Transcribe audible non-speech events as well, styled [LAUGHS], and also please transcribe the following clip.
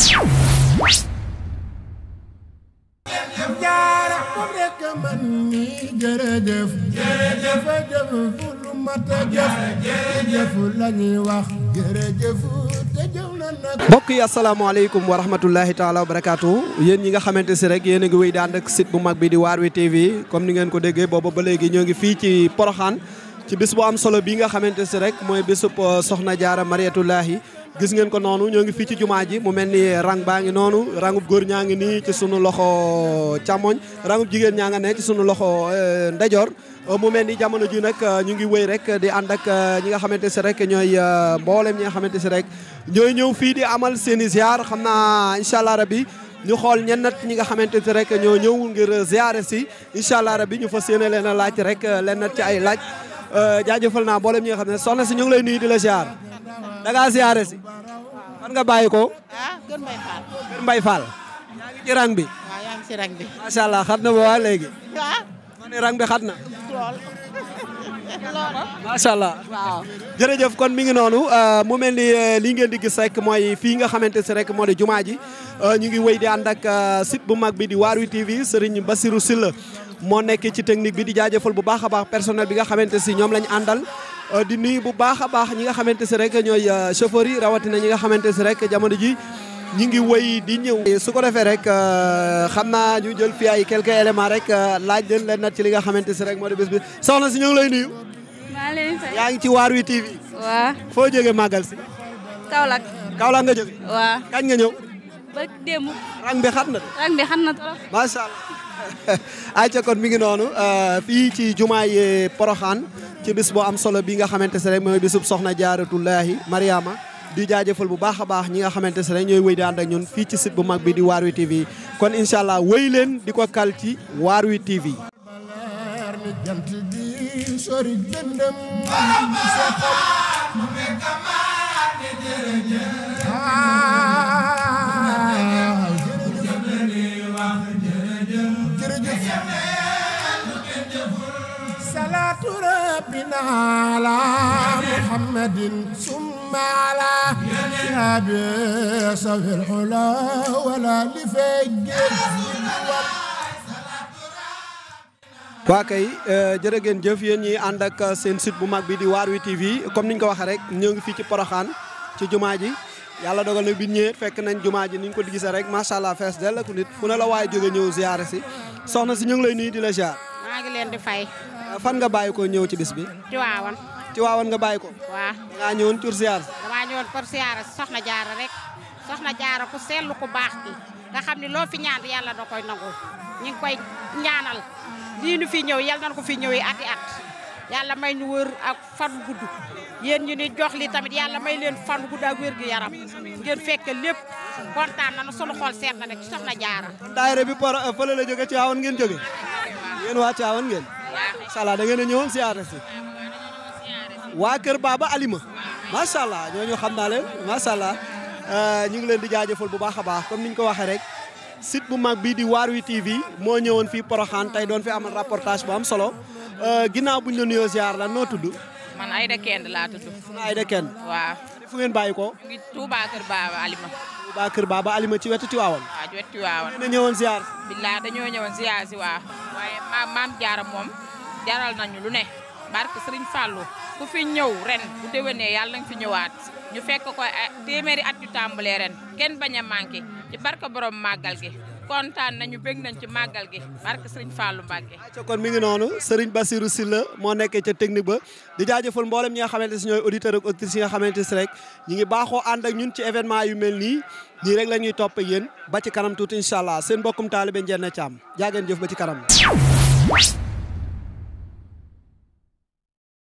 jaara moom rekk man nii jërëjëf jërëjëf jëf fu lu mat a jëf jërëjëf lañuy wax jërëjëf te jëf na nag mbokk yi asalaamaaleykum wa rahmatullahi wa barakaatu yéen ñi nga xamante si rek yéen a ngi wéy daan ak site bu mag bi di Waarwi TV comme ni ngeen ko déggee booba ba léegi ñoo ngi fii ci Poroxaan ci bis bu am solo bii nga xamante si rek mooy bisub euh, Soxna Jaara Mariatullahi gis ngeen ko noonu ñoo ngi fii ci jumaa ji mu mel ni rang baa ngi noonu rangub góor ñaa ngi nii ci sunu loxo càmmoñ rangub jigéen ñaa nga ne ci sunu loxo eh, ndeyjoor eh, mu mel ni jamono ji nag eh, ñu ngi wéy rek di ànd ak ñi nga xamante si rek ñooy mboolem ñi nga xamante si rek ñooy ñëw fii di amal seeni ziar xam naa incha allah rabi ñu xool ñenn nat ñi nga xamante si rek ñoo ñëw ngir ziare si incha allah rabi ñu fas yéene leen a laaj rek leen nat ci ay laaj jaajëfal naa mboolem ñi nga xam ne soxna si ñu ngi lay nuyu di la ziar. da ngaa siyaare si. fan nga bàyyi ko. ah Kër Mbaye bi. waaw yaa bi. macha allah xat na ba waa léegi. waaw. Ah. bi xat na. lool. macha jërëjëf kon mi ngi noonu ah, mu mel ni eh, li ngeen di gis rek mooy fii nga xamante si rek moo di jumaa ji ah, ñu ngi wéy di ànd ak site bu mag bi di waar wi TV Serigne Bassirou Sylla moo nekk ci technique bi di jaajaful bu baax a baax personnel bi nga xamante si ñoom lañ àndal. Euh, di nuyu bu baax baax ñi nga xamante si rek ñooy euh, chauffeurs rawatina ñi nga xamante si rek jamono ji ñi ngi wéy di ñëw. su ko defee rek euh, xam naa ñu jël fi ay quelques éléments rek laaj leen leen nat ci li nga xamante si rek moo di bés bi soxna si ñu ngi lay nuyu. maa yaa ngi ci waar wi TV. waaw foo jógee màggal si. Kaolack. Kaolack nga jógee. waaw kañ nga ñëw. ba démb. rang bi xat na. rang bi xat na trop. [LAUGHS] kon mi ngi noonu fii ci jumaa jumaay Porokhane. ci bis bu am solo bi nga xamante ne rek mooy bisub soxna jaaratullaahi Mariama di jaajëfal bu baax a baax ñi nga xamante ne rek ñooy wéy di ànd ñun fii ci site bu mag bi di waar wi TV kon incha allah wéy leen di ko kal ci waar wi TV. ربنا على محمد ثم على أبي صف الحلا waa kay euh, jërë jëf yéen ñi ànd ak seen sit bu mag bi di waar wi TV comme niñ ko waxee rek ñoo ngi fii ci Poroxaan ci jumaa ji yàlla dogal na bi ñëwee fekk nañ jumaa ji ni ñu ko di rek macha allah fees dell ku nit fu ne la waaye jóge ñëw ziyaare si soxna si ñu ngi lay nuyu di la ziar. maa ngi leen di fay. fan nga bàyyi ko ñëw ci bis bi. Tiwaawan. Tiwaawan nga bàyyi ko. waaw da ngaa ñëwoon pour siyaar. damaa ñëwoon pour siyaar soxna jaara rek soxna jaara ku seetlu ku baax ki nga xam ne loo fi yàlla da koy nangu ñu ngi koy ñaanal lii nu fi ñëw yal nan ko fi ñëwee ati at yàlla may nu wër ak fan gudd yéen ñu ni jox li tamit yàlla may leen fan gudd ak wér gu yaram ngeen fekke lépp kontaan nañu sunu xol seet na rek soxna jaara. daayira bi par fële la jóge Tiwaawan ngeen jóge yéen waa Tiwaawan ngeen. macha allah da ngeen a si waa kër Baba Alima macha allah ñooñu xam naa leen macha allah euh, ñu ngi leen di jaajëfal bu baax a baax comme niñ ko waxee rek site bu mag bii di Waarwi TV moo ñëwoon fii Poroxaan tey doon fi am rapportage bu am solo euh, ginaaw bu la nuyoo ziar la noo tudd. man Aïda Kend laa tudd. soxna bàyyi ko. ñu ngi Touba Kër Baba Kër Baba Alima ci wetu Tiwaawan. waaw ci wetu Tiwaawan. ñu ñëwoon ziar. billaa dañoo ñëwoon ziar si waaw. maam Jaara moom. jaral nañu lu ne barke Sëriñ Fallou ku fi ñëw ren bu déwénee yàlla ñu fi ñëwaat ñu fekk ko eh, téeméeri at yu tàmbalee ren kenn bañ a manqué ci barke borom màggal gi kontaan nañu bég nañ ci màggal gi barke Sëriñ Fallou Mbacke. waaw kon mi ngi noonu Sëriñ Bassirou Sylla moo nekkee ca technique ba di jaajëfal mboole ñi nga xamante si ñooy auditeur ak auditrices yi nga xamante si rek ñu ngi baaxoo ànd a ñun ci événement yu mel nii nii rek la ñuy topp yéen ba ci kanam tuuti incha allah seen mbokkum taalibe Ndiéna Thiam jaageen jëf ba ci kanam.